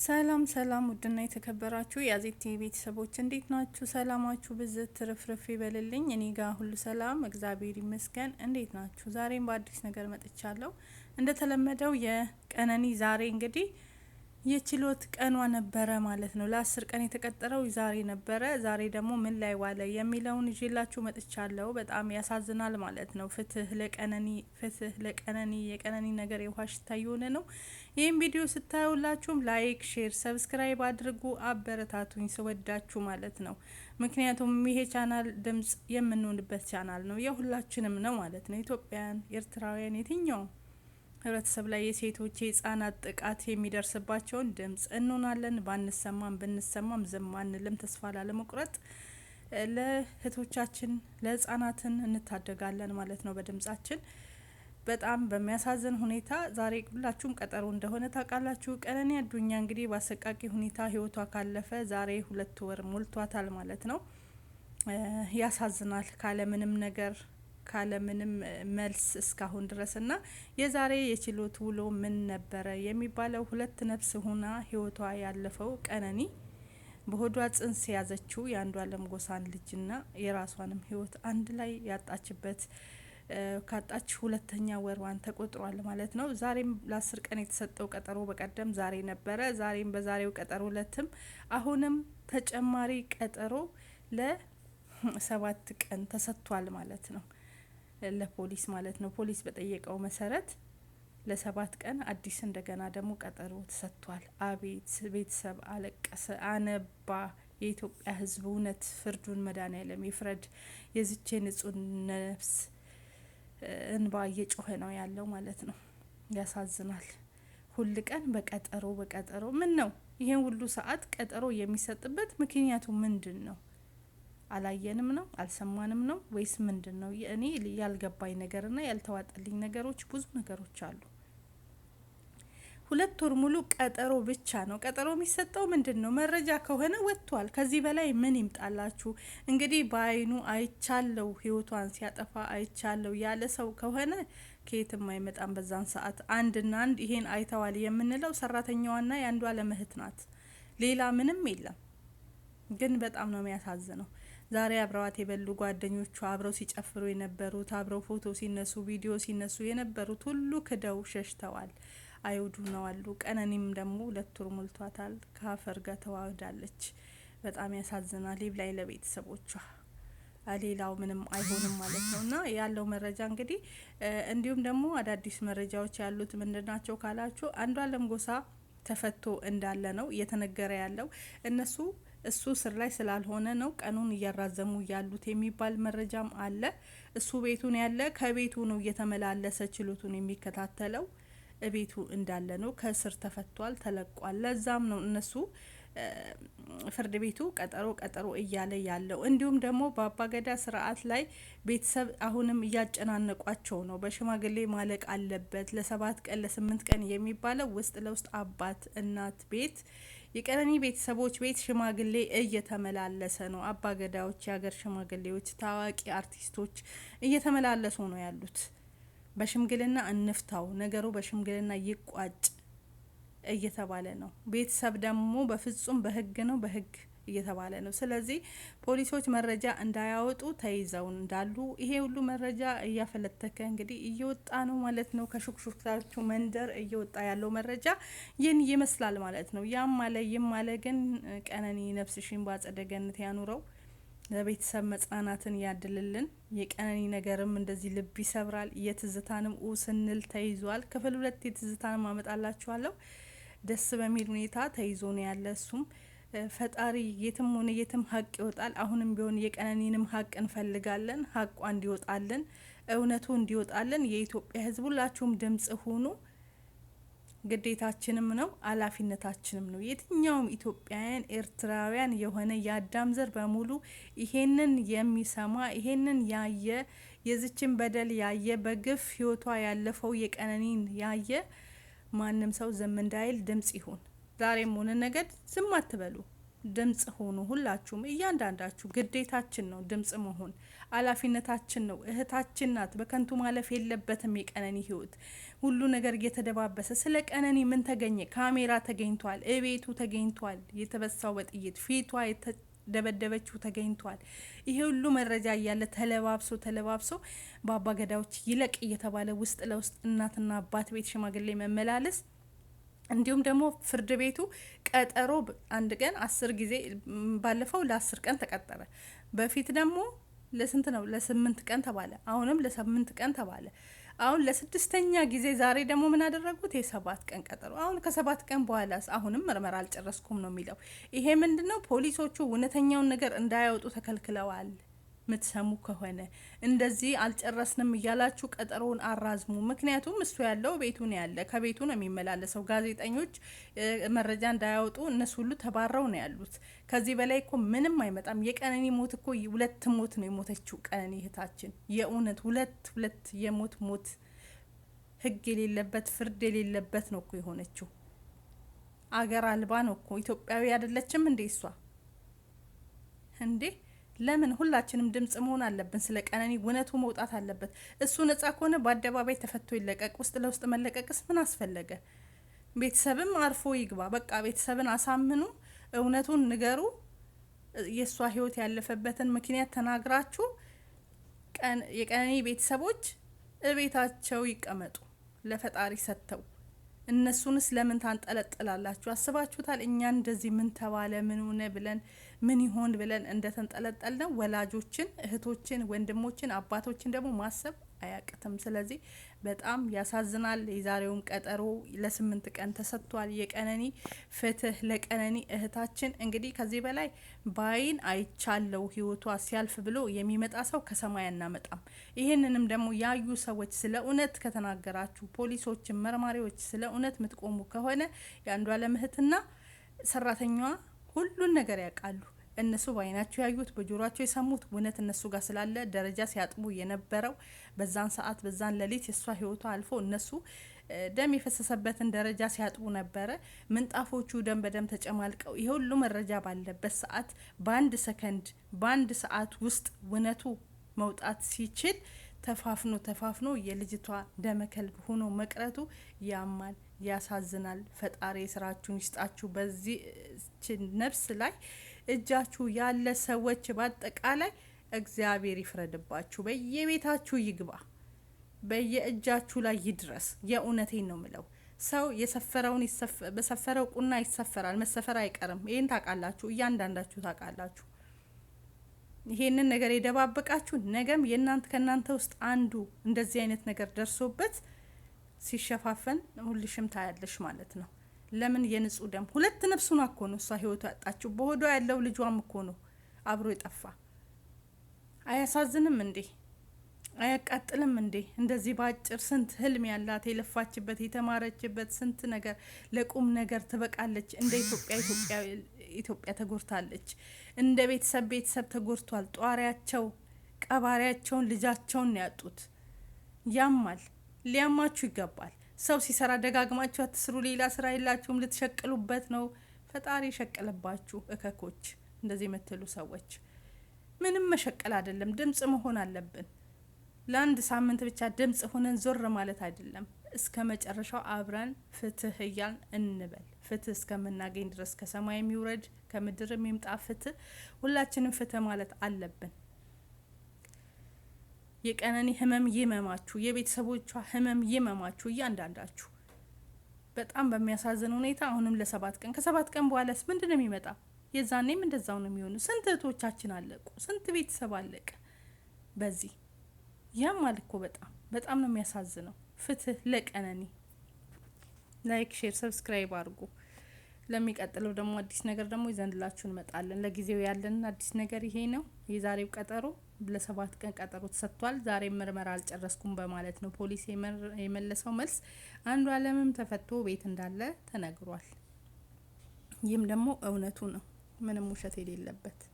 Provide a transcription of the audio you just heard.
ሰላም ሰላም፣ ውድና የተከበራችሁ ቲቪ ቤተሰቦች እንዴት ናችሁ? ሰላማችሁ ብዝት ትርፍርፍ ይበልልኝ። እኔ ጋር ሁሉ ሰላም እግዚአብሔር ይመስገን። እንዴት ናችሁ? ዛሬም በአዲስ ነገር መጥቻለሁ። እንደተለመደው የቀነኒ ዛሬ እንግዲህ የችሎት ቀኗ ነበረ ማለት ነው። ለአስር ቀን የተቀጠረው ዛሬ ነበረ። ዛሬ ደግሞ ምን ላይ ዋለ የሚለውን ይዤላችሁ መጥቻለሁ። በጣም ያሳዝናል ማለት ነው። ፍትህ ለቀነኒ ፍትህ ለቀነኒ የቀነኒ ነገር የውሃ ሽታ እየሆነ ነው። ይህም ቪዲዮ ስታዩላችሁም ላይክ፣ ሼር፣ ሰብስክራይብ አድርጉ። አበረታቱኝ ስወዳችሁ ማለት ነው። ምክንያቱም ይሄ ቻናል ድምጽ የምንሆንበት ቻናል ነው፣ የሁላችንም ነው ማለት ነው። ኢትዮጵያን፣ ኤርትራውያን የትኛውም ህብረተሰብ ላይ የሴቶች የህጻናት ጥቃት የሚደርስባቸውን ድምጽ እንሆናለን። ባንሰማም ብንሰማም ዝም አንልም። ተስፋ ላለመቁረጥ ለእህቶቻችን ለህጻናትን እንታደጋለን ማለት ነው በድምጻችን። በጣም በሚያሳዝን ሁኔታ ዛሬ ሁላችሁም ቀጠሮ እንደሆነ ታውቃላችሁ። ቀነኒ አዱኛ እንግዲህ በአሰቃቂ ሁኔታ ህይወቷ ካለፈ ዛሬ ሁለት ወር ሞልቷታል ማለት ነው። ያሳዝናል ካለምንም ነገር ካለምንም መልስ እስካሁን ድረስ እና የዛሬ የችሎት ውሎ ምን ነበረ የሚባለው ሁለት ነፍስ ሆና ህይወቷ ያለፈው ቀነኒ በሆዷ ጽንስ የያዘችው አለም ጎሳን ልጅና የራሷንም ህይወት አንድ ላይ ያጣችበት ካጣች ሁለተኛ ወርዋን ተቆጥሯል ማለት ነው። ዛሬም ለአስር ቀን የተሰጠው ቀጠሮ በቀደም ዛሬ ነበረ። ዛሬም በዛሬው ቀጠሮ እለትም አሁንም ተጨማሪ ቀጠሮ ለሰባት ቀን ተሰጥቷል ማለት ነው። ለፖሊስ ማለት ነው። ፖሊስ በጠየቀው መሰረት ለሰባት ቀን አዲስ እንደገና ደግሞ ቀጠሮ ተሰጥቷል። አቤት ቤተሰብ አለቀሰ፣ አነባ። የኢትዮጵያ ሕዝብ እውነት ፍርዱን መድኃኔዓለም ይፍረድ። የዝቼ ንጹህ ነፍስ እንባ እየጮኸ ነው ያለው ማለት ነው። ያሳዝናል። ሁል ቀን በቀጠሮ በቀጠሮ ምን ነው ይሄን ሁሉ ሰዓት ቀጠሮ የሚሰጥበት ምክንያቱ ምንድን ነው? አላየንም ነው አልሰማንም ነው ወይስ ምንድን ነው? እኔ ያልገባኝ ነገርና ያልተዋጠልኝ ነገሮች ብዙ ነገሮች አሉ። ሁለት ወር ሙሉ ቀጠሮ ብቻ ነው። ቀጠሮ የሚሰጠው ምንድን ነው? መረጃ ከሆነ ወጥቷል። ከዚህ በላይ ምን ይምጣላችሁ? እንግዲህ በአይኑ አይቻለው፣ ህይወቷን ሲያጠፋ አይቻለው ያለ ሰው ከሆነ ከየትም አይመጣም። በዛን ሰዓት አንድና አንድ ይሄን አይተዋል የምንለው ሰራተኛዋና የአንዷ ለመህት ናት። ሌላ ምንም የለም። ግን በጣም ነው የሚያሳዝነው። ዛሬ አብረዋት የበሉ ጓደኞቿ፣ አብረው ሲጨፍሩ የነበሩት፣ አብረው ፎቶ ሲነሱ፣ ቪዲዮ ሲነሱ የነበሩት ሁሉ ክደው ሸሽተዋል። አይሁዱ ነው አሉ። ቀነኒም ደግሞ ሁለት ወር ሞልቷታል። ከአፈር ጋር ተዋህዳለች። በጣም ያሳዝናል። ላይ ለቤተሰቦቿ። ሌላው ምንም አይሆንም ማለት ነው እና ያለው መረጃ እንግዲህ እንዲሁም ደግሞ አዳዲስ መረጃዎች ያሉት ምንድን ናቸው ካላችሁ አንዷለም ጎሳ ተፈቶ እንዳለ ነው እየተነገረ ያለው እነሱ እሱ ስር ላይ ስላልሆነ ነው ቀኑን እያራዘሙ ያሉት የሚባል መረጃም አለ። እሱ ቤቱን ያለ ከቤቱ ነው እየተመላለሰ ችሎቱን የሚከታተለው ቤቱ እንዳለ ነው። ከእስር ተፈቷል፣ ተለቋል። ለዛም ነው እነሱ ፍርድ ቤቱ ቀጠሮ ቀጠሮ እያለ ያለው። እንዲሁም ደግሞ በአባገዳ ስርዓት ላይ ቤተሰብ አሁንም እያጨናነቋቸው ነው። በሽማግሌ ማለቅ አለበት። ለሰባት ቀን ለስምንት ቀን የሚባለው ውስጥ ለውስጥ አባት እናት ቤት የቀነኒ ቤተሰቦች ቤት ሽማግሌ እየተመላለሰ ነው። አባገዳዎች፣ የሀገር ሽማግሌዎች፣ ታዋቂ አርቲስቶች እየተመላለሱ ነው ያሉት። በሽምግልና እንፍታው ነገሩ በሽምግልና ይቋጭ እየተባለ ነው። ቤተሰብ ደግሞ በፍጹም በህግ ነው በህግ እየተባለ ነው። ስለዚህ ፖሊሶች መረጃ እንዳያወጡ ተይዘው እንዳሉ ይሄ ሁሉ መረጃ እያፈለተከ እንግዲህ እየወጣ ነው ማለት ነው። ከሹክሹክታቹ መንደር እየወጣ ያለው መረጃ ይህን ይመስላል ማለት ነው። ያም አለ ይም አለ ግን ቀነኒ ነፍስሽን በአጸደ ገነት ያኑረው፣ ለቤተሰብ መጽናናትን ያድልልን። የቀነኒ ነገርም እንደዚህ ልብ ይሰብራል። የትዝታንም ኡ ስንል ተይዟል። ክፍል ሁለት የትዝታንም አመጣላችኋለሁ። ደስ በሚል ሁኔታ ተይዞ ነው ያለ እሱም ፈጣሪ የትም ሆነ የትም ሀቅ ይወጣል። አሁንም ቢሆን የቀነኒንም ሀቅ እንፈልጋለን። ሀቋ እንዲወጣልን፣ እውነቱ እንዲወጣልን የኢትዮጵያ ሕዝብ ሁላችሁም ድምጽ ሁኑ። ግዴታችንም ነው ኃላፊነታችንም ነው። የትኛውም ኢትዮጵያውያን ኤርትራውያን የሆነ የአዳም ዘር በሙሉ ይሄንን የሚሰማ ይሄንን ያየ የዝችን በደል ያየ በግፍ ህይወቷ ያለፈው የቀነኒን ያየ ማንም ሰው ዘም እንዳይል ድምጽ ይሁን። ዛሬም ሆነ ነገድ ዝም አትበሉ፣ ድምጽ ሆኑ። ሁላችሁም እያንዳንዳችሁ ግዴታችን ነው ድምጽ መሆን፣ አላፊነታችን ነው። እህታችን ናት፣ በከንቱ ማለፍ የለበትም የቀነኒ ህይወት። ሁሉ ነገር እየተደባበሰ ስለ ቀነኒ ምን ተገኘ? ካሜራ ተገኝቷል፣ እቤቱ ተገኝቷል፣ የተበሳው በጥይት ፊቷ የተደበደበችው ተገኝቷል። ይሄ ሁሉ መረጃ እያለ ተለባብሶ ተለባብሶ በአባገዳዎች ይለቅ እየተባለ ውስጥ ለውስጥ እናትና አባት ቤት ሽማግሌ መመላለስ እንዲሁም ደግሞ ፍርድ ቤቱ ቀጠሮ አንድ ቀን አስር ጊዜ ባለፈው ለአስር ቀን ተቀጠረ። በፊት ደግሞ ለስንት ነው? ለስምንት ቀን ተባለ። አሁንም ለስምንት ቀን ተባለ። አሁን ለስድስተኛ ጊዜ ዛሬ ደግሞ ምን አደረጉት? የሰባት ቀን ቀጠሮ። አሁን ከሰባት ቀን በኋላ አሁንም ምርመራ አልጨረስኩም ነው የሚለው። ይሄ ምንድን ነው? ፖሊሶቹ እውነተኛውን ነገር እንዳያወጡ ተከልክለዋል። ምትሰሙ ከሆነ እንደዚህ አልጨረስንም እያላችሁ ቀጠሮውን አራዝሙ። ምክንያቱም እሱ ያለው ቤቱ ነው ያለ ከቤቱ ነው የሚመላለሰው። ጋዜጠኞች መረጃ እንዳያወጡ እነሱ ሁሉ ተባረው ነው ያሉት። ከዚህ በላይ እኮ ምንም አይመጣም። የቀነኒ ሞት እኮ ሁለት ሞት ነው የሞተችው ቀነኒ እህታችን። የእውነት ሁለት ሁለት የሞት ሞት ህግ የሌለበት ፍርድ የሌለበት ነው እኮ የሆነችው። አገር አልባ ነው እኮ ኢትዮጵያዊ አይደለችም እንዴ እሷ እንዴ ለምን ሁላችንም ድምጽ መሆን አለብን? ስለ ቀነኒ እውነቱ መውጣት አለበት። እሱ ነጻ ከሆነ በአደባባይ ተፈቶ ይለቀቅ። ውስጥ ለውስጥ መለቀቅስ ምን አስፈለገ? ቤተሰብም አርፎ ይግባ። በቃ ቤተሰብን አሳምኑ፣ እውነቱን ንገሩ። የእሷ ህይወት ያለፈበትን ምክንያት ተናግራችሁ የቀነኒ ቤተሰቦች እቤታቸው ይቀመጡ ለፈጣሪ ሰጥተው እነሱንስ ለምን ታንጠለጥላላችሁ? አስባችሁታል? እኛ እንደዚህ ምን ተባለ ምን ሆነ ብለን ምን ይሆን ብለን እንደተንጠለጠልነው ወላጆችን፣ እህቶችን፣ ወንድሞችን፣ አባቶችን ደግሞ ማሰብ አያቅትም። ስለዚህ በጣም ያሳዝናል። የዛሬውም ቀጠሮ ለስምንት ቀን ተሰጥቷል። የቀነኒ ፍትህ ለቀነኒ እህታችን። እንግዲህ ከዚህ በላይ በአይን አይቻለው ህይወቷ ሲያልፍ ብሎ የሚመጣ ሰው ከሰማይ አናመጣም። ይህንንም ደግሞ ያዩ ሰዎች ስለ እውነት ከተናገራችሁ፣ ፖሊሶችን፣ መርማሪዎች ስለ እውነት የምትቆሙ ከሆነ የአንዷለም እህትና ሰራተኛዋ ሁሉን ነገር ያውቃሉ። እነሱ በአይናቸው ያዩት በጆሯቸው የሰሙት እውነት እነሱ ጋር ስላለ ደረጃ ሲያጥቡ የነበረው በዛን ሰዓት በዛን ሌሊት የእሷ ህይወቷ አልፎ እነሱ ደም የፈሰሰበትን ደረጃ ሲያጥቡ ነበረ። ምንጣፎቹ ደም በደም ተጨማልቀው ይሄ ሁሉ መረጃ ባለበት ሰዓት በአንድ ሰከንድ በአንድ ሰዓት ውስጥ እውነቱ መውጣት ሲችል ተፋፍኖ ተፋፍኖ የልጅቷ ደመከልብ ሆኖ መቅረቱ ያማል፣ ያሳዝናል። ፈጣሪ ስራችሁን ይስጣችሁ በዚህችን ነፍስ ላይ እጃችሁ ያለ ሰዎች በአጠቃላይ እግዚአብሔር ይፍረድባችሁ። በየቤታችሁ ይግባ፣ በየእጃችሁ ላይ ይድረስ። የእውነቴን ነው ምለው ሰው የሰፈረውን በሰፈረው ቁና ይሰፈራል። መሰፈር አይቀርም። ይህን ታውቃላችሁ፣ እያንዳንዳችሁ ታውቃላችሁ። ይሄንን ነገር የደባበቃችሁ ነገም የእናንተ ከእናንተ ውስጥ አንዱ እንደዚህ አይነት ነገር ደርሶበት ሲሸፋፈን ሁልሽም ታያለሽ ማለት ነው። ለምን የንጹህ ደም ሁለት ነፍሱን እኮ ነው እሷ ህይወቱ ያጣችው። በሆዷ ያለው ልጇም እኮ ነው አብሮ የጠፋ። አያሳዝንም እንዴ? አያቃጥልም እንዴ? እንደዚህ በአጭር ስንት ህልም ያላት የለፋችበት የተማረችበት ስንት ነገር ለቁም ነገር ትበቃለች። እንደ ኢትዮጵያ ኢትዮጵያ ተጎርታለች። እንደ ቤተሰብ ቤተሰብ ተጎርቷል ጧሪያቸው ቀባሪያቸውን ልጃቸውን ያጡት ያማል። ሊያማችሁ ይገባል። ሰው ሲሰራ ደጋግማችሁ አትስሩ። ሌላ ስራ የላችሁም፣ ልትሸቅሉበት ነው። ፈጣሪ የሸቀለባችሁ እከኮች፣ እንደዚህ የምትሉ ሰዎች ምንም መሸቀል አይደለም፣ ድምጽ መሆን አለብን። ለአንድ ሳምንት ብቻ ድምጽ ሆነን ዞር ማለት አይደለም። እስከ መጨረሻው አብረን ፍትህ እያል እንበል። ፍትህ እስከምናገኝ ድረስ ከሰማይ የሚውረድ ከምድር የሚምጣ ፍትህ፣ ሁላችንም ፍትህ ማለት አለብን። የቀነኒ ህመም ይመማችሁ፣ የቤተሰቦቿ ህመም ይመማችሁ እያንዳንዳችሁ። በጣም በሚያሳዝን ሁኔታ አሁንም ለሰባት ቀን ከሰባት ቀን በኋላስ ምንድን ነው የሚመጣ? የዛኔም እንደዛው ነው የሚሆኑ። ስንት እህቶቻችን አለቁ፣ ስንት ቤተሰብ አለቀ በዚህ ያም አልኮ። በጣም በጣም ነው የሚያሳዝነው። ፍትህ ለቀነኒ። ላይክ፣ ሼር፣ ሰብስክራይብ አድርጉ። ለሚቀጥለው ደግሞ አዲስ ነገር ደግሞ ይዘንላችሁ እንመጣለን። ለጊዜው ያለን አዲስ ነገር ይሄ ነው። የዛሬው ቀጠሮ ለሰባት ቀን ቀጠሮ ተሰጥቷል። ዛሬ ምርመራ አልጨረስኩም በማለት ነው ፖሊስ የመለሰው መልስ። አንዱ አለምም ተፈቶ ቤት እንዳለ ተነግሯል። ይህም ደግሞ እውነቱ ነው፣ ምንም ውሸት የሌለበት